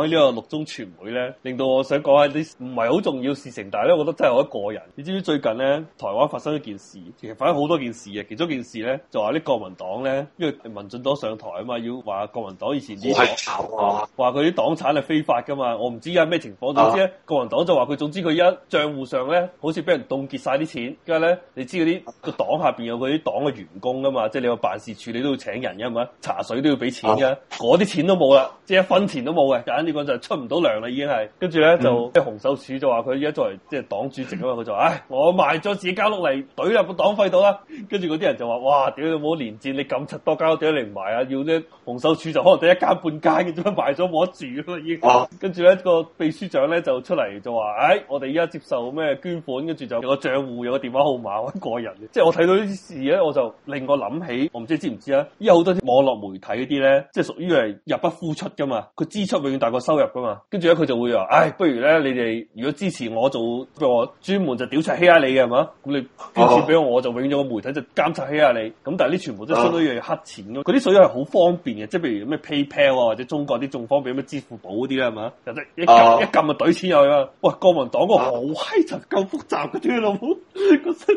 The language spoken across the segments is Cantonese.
喺呢個六中全會咧，令到我想講下啲唔係好重要事情，但係咧，我覺得真係我一個人。你知唔知最近咧台灣發生一件事？其實發生好多件事嘅，其中一件事咧就話啲國民黨咧，因為民進黨上台啊嘛，要話國民黨以前啲話佢啲黨產係非法噶嘛，我唔知而家咩情況。總之咧，啊、國民黨就話佢總之佢而家賬戶上咧，好似俾人凍結晒啲錢，跟住咧，你知嗰啲個黨下邊有嗰啲黨嘅員工噶嘛，即係你個辦事處你都要請人噶嘛，茶水都要俾錢噶，嗰啲、啊、錢都冇啦，即係一分錢都冇嘅，基本就出唔到糧啦，已經係，跟住咧就即係洪秀柱就話佢而家作為即係黨主席啊嘛，佢就話：唉、哎，我賣咗自己間屋落嚟，懟入個黨費度啦。跟住嗰啲人就話：哇，屌你冇廉恥，你咁柒多間屋點唔賣啊？要咩？紅手處就可能第一間半間嘅，點解賣咗冇住住咯？已經。跟住咧個秘書長咧就出嚟就話：，哎，我哋依家接受咩捐款？跟住就有個賬戶，有個電話號碼，搵個人即係我睇到呢啲事咧，我就令我諗起，我唔知你知唔知啊？依家好多網絡媒體嗰啲咧，即係屬於係入不敷出噶嘛，佢支出永遠大過收入噶嘛。跟住咧，佢就會話：，唉、哎，不如咧，你哋如果支持我做，不如我專門就屌查欺壓你嘅，係嘛？咁你捐錢俾我，我就，、啊、就永遠個媒體就監察欺壓你。咁但係呢，全部都相當於黑錢咯。嗰啲所以係好方便。即係譬如咩 PayPal 啊，或者中國啲仲方便咩支付寶啲咧係嘛？一撳、uh, 一撳就懟錢入去啦。喂，國民黨個好閪就夠複雜嘅啫老虎，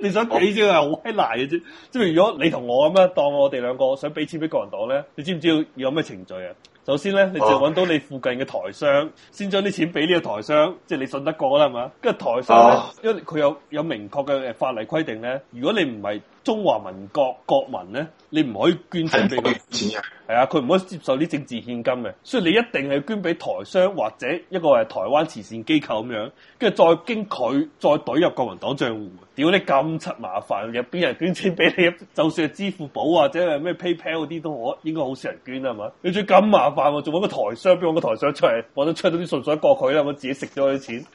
你想幾錢啊？好閪難嘅啫。即係如果你同我咁樣，當我哋兩個想俾錢俾國民黨咧，你知唔知要有咩程序啊？首先咧，你就揾到你附近嘅台商，先將啲錢俾呢個台商，即係你信得過啦，係嘛？跟住台商咧，因為佢有有明確嘅法例規定咧，如果你唔係。中華民國國民咧，你唔可以捐錢俾佢。錢啊！係啊，佢唔可以接受啲政治獻金嘅，所以你一定係捐俾台商或者一個係台灣慈善機構咁樣，跟住再經佢再懟入國民黨賬戶。屌你咁七麻煩，入邊人捐錢俾你？就算係支付寶或者係咩 PayPal 嗰啲都好，應該好少人捐啊。係嘛？你做咁麻煩，仲揾個台商，俾我個台商出嚟，我都出咗啲純水過佢啦，我自己食咗佢錢。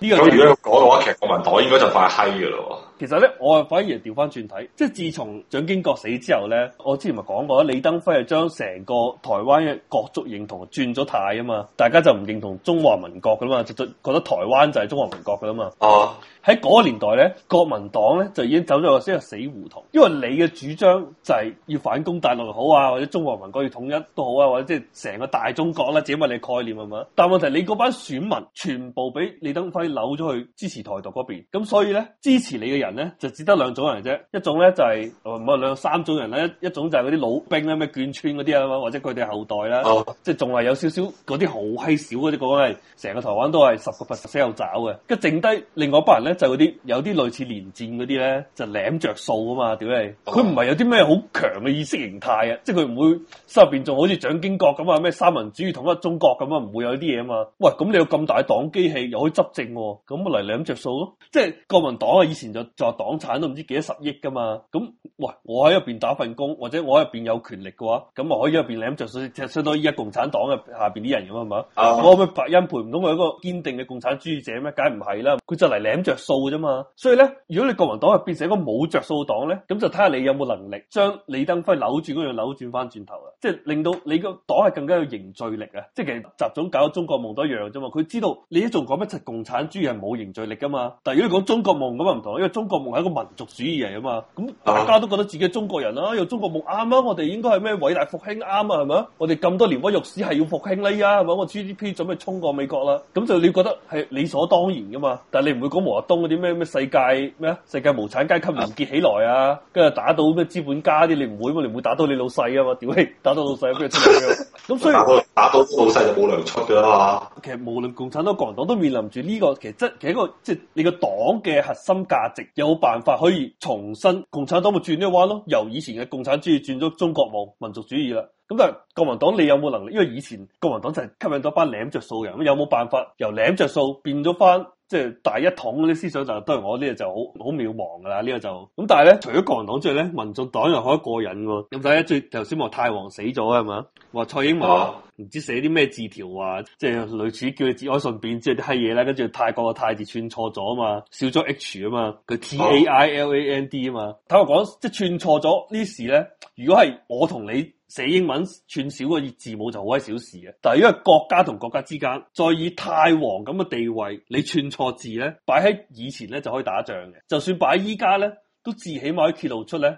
咁、 就是、如果講一劇國民黨，應該就快閪嘅咯。其實咧，我啊反而調翻轉睇，即係自從蔣經國死之後咧，我之前咪講過，李登輝係將成個台灣嘅國族認同轉咗態啊嘛，大家就唔認同中華民國噶啦嘛，就覺得台灣就係中華民國噶啦嘛。哦、啊，喺嗰個年代咧，國民黨咧就已經走咗個先個死胡同，因為你嘅主張就係要反攻大陸好啊，或者中華民國要統一都好啊，或者即係成個大中國啦，只問你概念啊嘛。但係問題，你嗰班選民全部俾李登輝扭咗去支持台獨嗰邊，咁所以咧支持你嘅人。人咧就只得兩種人啫，一種咧就係唔係兩三種人咧？一一種就係嗰啲老兵啦，咩眷村嗰啲啊嘛，或者佢哋後代啦，啊、即係仲係有少少嗰啲好稀少嗰啲，講係成個台灣都係十個 percent 有找嘅。跟剩低另外一班人咧，就嗰啲有啲類似連戰嗰啲咧，就兩着數啊嘛，屌你，佢唔係有啲咩好強嘅意識形態啊，即係佢唔會心入邊仲好似蔣經國咁啊，咩三民主義統一中國咁啊，唔會有啲嘢啊嘛。喂，咁你有咁大黨機器又可以執政，啊，咁咪嚟兩着數咯。即係國民黨啊，以前就。就話黨產都唔知幾多十億噶嘛，咁喂，我喺入邊打份工，或者我喺入邊有權力嘅話，咁我可以入邊攬著數，就相當於一共產黨嘅下邊啲人咁啊嘛，我係咪白恩培唔通係一個堅定嘅共產主義者咩？梗係唔係啦，佢就嚟攬着數嘅啫嘛。所以咧，如果你國民黨係變成一個冇着數黨咧，咁就睇下你有冇能力將李登輝扭轉嗰樣扭轉翻轉頭啦，即係令到你個黨係更加有凝聚力啊！即係其實習總搞中國夢都一樣啫嘛，佢知道你仲講乜柒共產主義係冇凝聚力噶嘛，但係如果講中國夢咁啊唔同，因為中中國夢係一個民族主義嚟噶嘛？咁大家都覺得自己係中國人啦，啊，有中國夢啱啦。我哋應該係咩偉大復興啱啊？係咪啊？我哋咁多年屈辱史係要復興啦依家，係咪啊？我、啊、我 GDP 準備衝過美國啦。咁就你覺得係理所當然噶嘛？但係你唔會講毛澤東嗰啲咩咩世界咩啊？世界無產階級團結起來啊！跟住打到咩資本家啲，你唔會，你唔會打到你老細啊嘛？屌你，打到老細咁樣咁， 所以打到 打到老細就冇糧出噶啦嘛。其實無論共產黨、國民黨都面臨住呢、這個，其實真係一個即係你個黨嘅核心價、價值。有冇辦法可以重新？共產黨咪轉呢一彎咯，由以前嘅共產主義轉咗中國夢民族主義啦。咁但係國民黨你有冇能力？因為以前國民黨就係吸引到班攞著數人，有冇辦法由攞着數變咗返？即係大一統嗰啲思想就都係我呢個就好好渺茫噶啦，呢個就咁，但係咧除咗國民黨之外咧，民眾黨又好過癮喎、啊。咁但係咧，最頭先話泰王死咗係嘛？話蔡英文唔、啊、知寫啲咩字條啊，即係類似叫佢節哀順變之類啲閪嘢啦。跟住、啊、泰國個泰字串錯咗啊嘛，少咗 H 啊嘛，佢 T A I L A N D 啊嘛。等我講，即係串錯咗呢事咧，如果係我同你。寫英文串少個字母就好閪小事嘅。但係因為國家同國家之間，再以太皇咁嘅地位，你串錯字咧，擺喺以前咧就可以打仗嘅。就算擺依家咧，都字起碼可以揭露出咧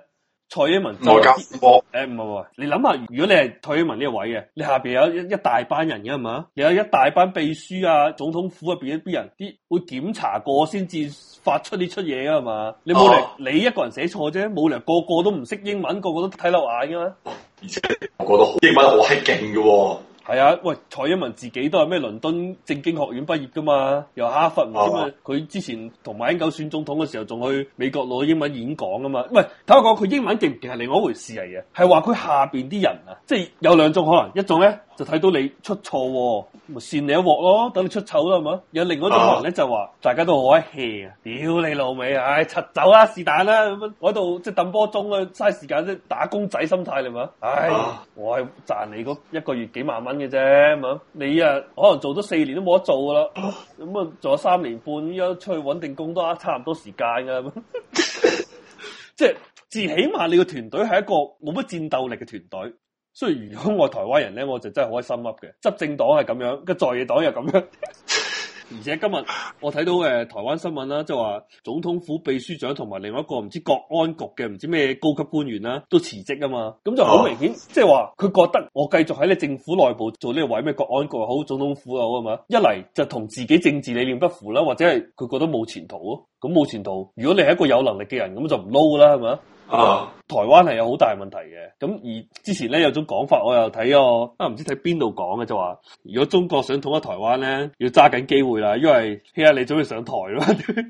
蔡英文內交。我誒唔係喎，你諗下，如果你係蔡英文呢個位嘅，你下邊有一一大班人嘅係嘛？你有一大班秘書啊，總統府入邊一啲人啲會檢查過先至發出呢出嘢嘅係嘛？你冇嚟，啊、你一個人寫錯啫，冇嚟個個都唔識英文，個個都睇漏眼嘅嘛？我覺得英文我係勁噶喎。係啊，喂，蔡英文自己都係咩倫敦政經學院畢業噶嘛，又哈佛嚟，咁啊，佢之前同馬英九選總統嘅時候，仲去美國攞英文演講噶嘛，喂，睇我講佢英文勁唔勁係另外一回事嚟、啊、嘅，係話佢下邊啲人啊，即係有兩種可能，一種咧就睇到你出錯，咪扇你一鑊咯，等你出醜咯，係嘛？有另外一種人咧就話，大家都好威氣啊，屌你老味啊，唉，柒走啦，是但啦，咁樣，我喺度即係抌波鐘啊，嘥時間啫，打工仔心態嚟嘛，唉，哎啊、我係賺你嗰一個月幾萬蚊。嘅啫，咁你啊，可能做咗四年都冇得做噶啦，咁啊做咗三年半，依家出去穩定工都差唔多時間噶， 即係至起碼你個團隊係一個冇乜戰鬥力嘅團隊，雖然如果我台灣人咧，我就真係好心噏嘅，執政黨係咁樣，個在野黨又咁樣。 而且今日我睇到誒台灣新聞啦，即係話總統府秘書長同埋另外一個唔知國安局嘅唔知咩高級官員啦，都辭職啊嘛，咁就好明顯，即係話佢覺得我繼續喺你政府內部做呢個位咩國安局又好總統府又好啊嘛，一嚟就同自己政治理念不符啦，或者係佢覺得冇前途咯，咁冇前途，如果你係一個有能力嘅人，咁就唔撈啦，係咪？啊！Uh huh。台灣係有好大問題嘅，咁而之前咧有種講法，我又睇我啊唔知睇邊度講嘅就話、是，如果中國想統一台灣咧，要揸緊機會啦，因為希阿、啊、你準備上台啦，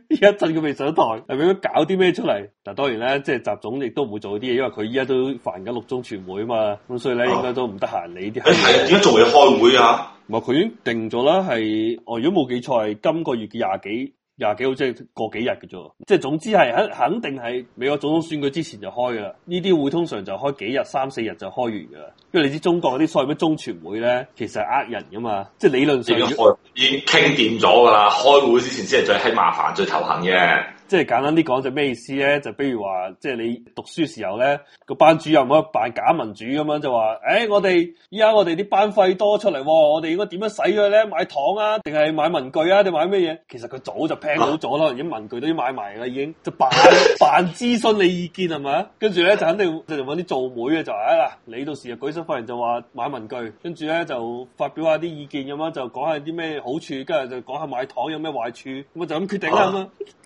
而家趁佢未上台，係咪要搞啲咩出嚟？嗱，當然咧，即係習總亦都唔會做啲嘢，因為佢依家都煩緊六中全會啊嘛，咁所以咧應該都唔得閒理啲。誒係啊，點解仲要開會啊？唔係佢已經定咗啦，係哦，如果冇記錯係今個月嘅廿幾。廿幾號，即係過幾日嘅啫，即係總之係肯肯定係美國總統選舉之前就開噶啦。呢啲會通常就開幾日，三四日就開完噶啦。因為你知中國嗰啲所謂咩中全會咧，其實係呃人噶嘛，即係理論上已經開，傾掂咗噶啦。開會之前先係最起麻煩，最頭痕嘅。即係簡單啲講就咩、是、意思咧？就比如話，即、就、係、是、你讀書時候咧，個班主任咁樣扮假民主咁樣就話，誒、欸，我哋依家我哋啲班費多出嚟，我哋應該點樣使佢咧？買糖啊，定係買文具啊？定買咩嘢？其實佢早就 plan 好咗啦，已經文具都要買埋啦，已經就扮扮諮詢你意見係嘛？跟住咧就肯定就揾啲做媒嘅就係啦、啊，你到時又舉手發言就話買文具，跟住咧就發表一下啲意見咁樣，就講下啲咩好處，跟住就講下買糖有咩壞處，咁就咁決定啦嘛。啊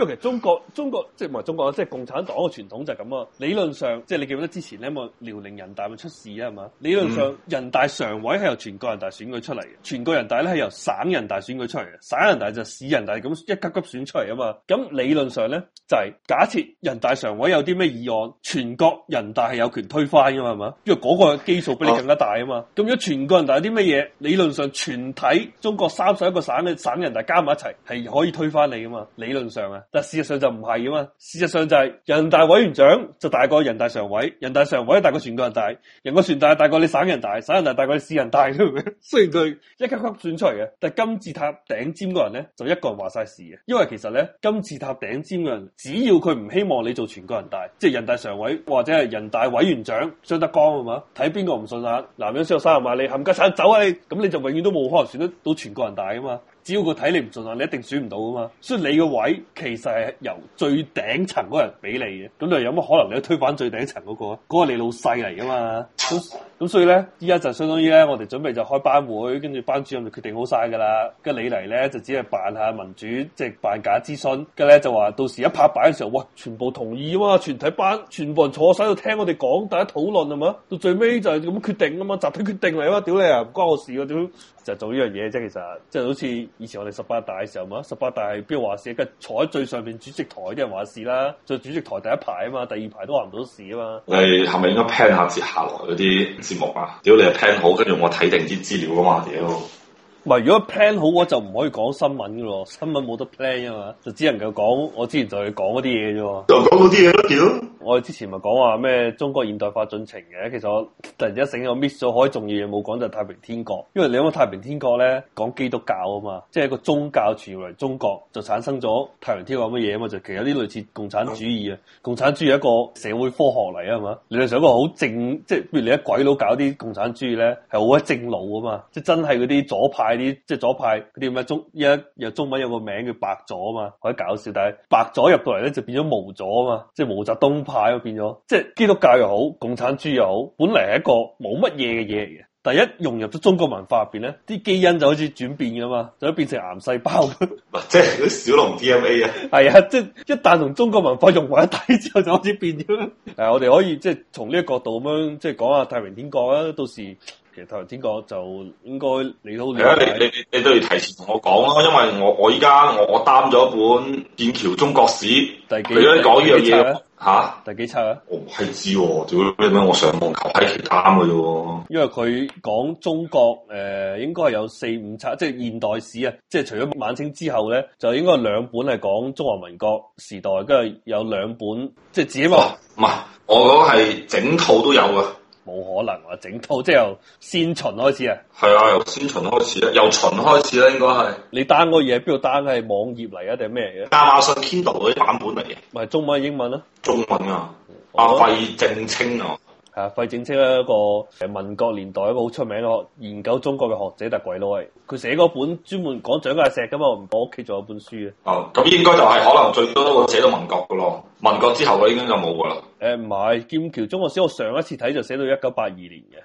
因為其實中國，中國即係唔係中國，即係共產黨嘅傳統就係咁啊。理論上，即係你記唔記得之前咧，我遼寧人大會出事啊嘛。理論上，人大常委係由全國人大選舉出嚟嘅，全國人大咧係由省人大選舉出嚟嘅，省人大就市人大咁一級級選出嚟啊嘛。咁理論上咧，就係假設人大常委有啲咩議案，全國人大係有權推翻噶嘛，係嘛？因為嗰個基數比你更加大啊嘛。咁如果全國人大有啲咩嘢，理論上全體中國三十一個省嘅省人大加埋一齊係可以推翻你噶嘛？理論上啊。但事實上就唔係噶嘛，事實上就係人大委員長就大過人大常委，人大常委大過全國人大，全國人大大過你省人大，省人大大過你市人大，雖然佢一級級選出嚟嘅，但金字塔頂尖嗰人咧就一個人話晒事嘅。因為其實咧金字塔頂尖嘅人，只要佢唔希望你做全國人大，即係人大常委或者係人大委員長張德江啊嘛，睇邊個唔順眼，男人需要三十萬你冚家鏟走啊你，咁你就永遠都冇可能選得到全國人大啊嘛。只要佢睇你唔順眼啊，你一定選唔到㗎嘛。所以你個位其實係由最頂層嗰人畀你嘅。咁你有乜可能你推翻最頂層嗰、那個啊？嗰、那個你老細嚟㗎嘛？咁所以咧，依家就相當於咧，我哋準備就開班會，跟住班主任就決定好晒噶啦。跟住你嚟咧，就只係扮下民主，即係扮假諮詢。跟咧就話到時一拍板嘅時候，哇，全部同意啊嘛，全體班全部人坐晒度聽我哋講，大家討論啊嘛，到最尾就係咁樣決定啊嘛，集體決定嚟啊嘛，屌你啊，唔關我事啊，屌就做呢樣嘢啫。其實即係好似以前我哋十八大嘅時候嘛，十八大邊個話事？跟住坐喺最上邊主席台啲人話事啦，就主席台第一排啊嘛，第二排都話唔到事啊嘛。你係咪應該 plan 下接下來嗰啲？節目啊！屌你係 plan 好，跟住我睇定啲資料啊嘛，屌！唔係，如果 plan 好我就唔可以講新聞噶咯，新聞冇得 plan 啊嘛，就只能夠講我之前同你講嗰啲嘢啫喎。就講嗰啲嘢咯，我哋之前咪講話咩中國現代化進程嘅，其實我突然之間醒咗，miss 咗好重要嘢冇講，就太平天國，因為你諗下太平天國咧，講基督教啊嘛，即係一個宗教傳嚟中國就產生咗太平天國乜嘢啊嘛，就其實有啲類似共產主義啊，共產主義一個社會科學嚟啊嘛，你哋想一個好正，即係譬如你一鬼佬搞啲共產主義咧，係好鬼正路啊嘛，即係真係嗰啲左派。啲即係左派，佢啲咁中一入中文有個名叫白左啊嘛，好搞笑。但係白左入到嚟咧就變咗毛左啊嘛，即係毛澤東派變咗。即係基督教又好，共產主義又好，本嚟係一個冇乜嘢嘅嘢嚟嘅。但係一融入咗中國文化入邊咧，啲基因就好似轉變噶嘛，就變成癌細胞。唔係即係嗰小龍 T M A 啊？係啊，即係一旦同中國文化融為一體之後，就開始變咗。誒，我哋可以即係從呢個角度咁樣即係講下太平天國啊？到時。頭先講就應該你都你你你都要提前同我講咯，因為我我依家，我擔咗一本劍橋中國史，第幾？你講呢樣嘢吓？第幾冊啊？啊啊我唔係知，點解我上網睇其他嘅啫？因為佢講中國誒、呃，應該係有四五冊，即係現代史啊，即係除咗晚清之後咧，就應該兩本係講中華民國時代，跟住有兩本即係只冇唔係？我嗰個係整套都有嘅。冇可能啊！整套即係由先秦開始啊，係啊，由先秦開始啊，由秦開始咧，應該係你單嗰嘢，邊度單？係網頁嚟啊，定係咩嘅？亞馬遜 Kindle 嗰啲版本嚟嘅，唔係中文係英文啊？中文啊，阿費，哦，啊，正清啊。啊費正清一個，誒，民國年代一個好出名嘅研究中國嘅學者，特鬼佬佢寫嗰本專門講蔣介石噶嘛，我屋企仲有本書啊。哦，咁應該就係、是、可能最多都寫到民國噶咯，民國之後佢已經就冇噶啦。誒、啊，唔係《劍橋中國史》，我上一次睇就寫到一九八二年嘅。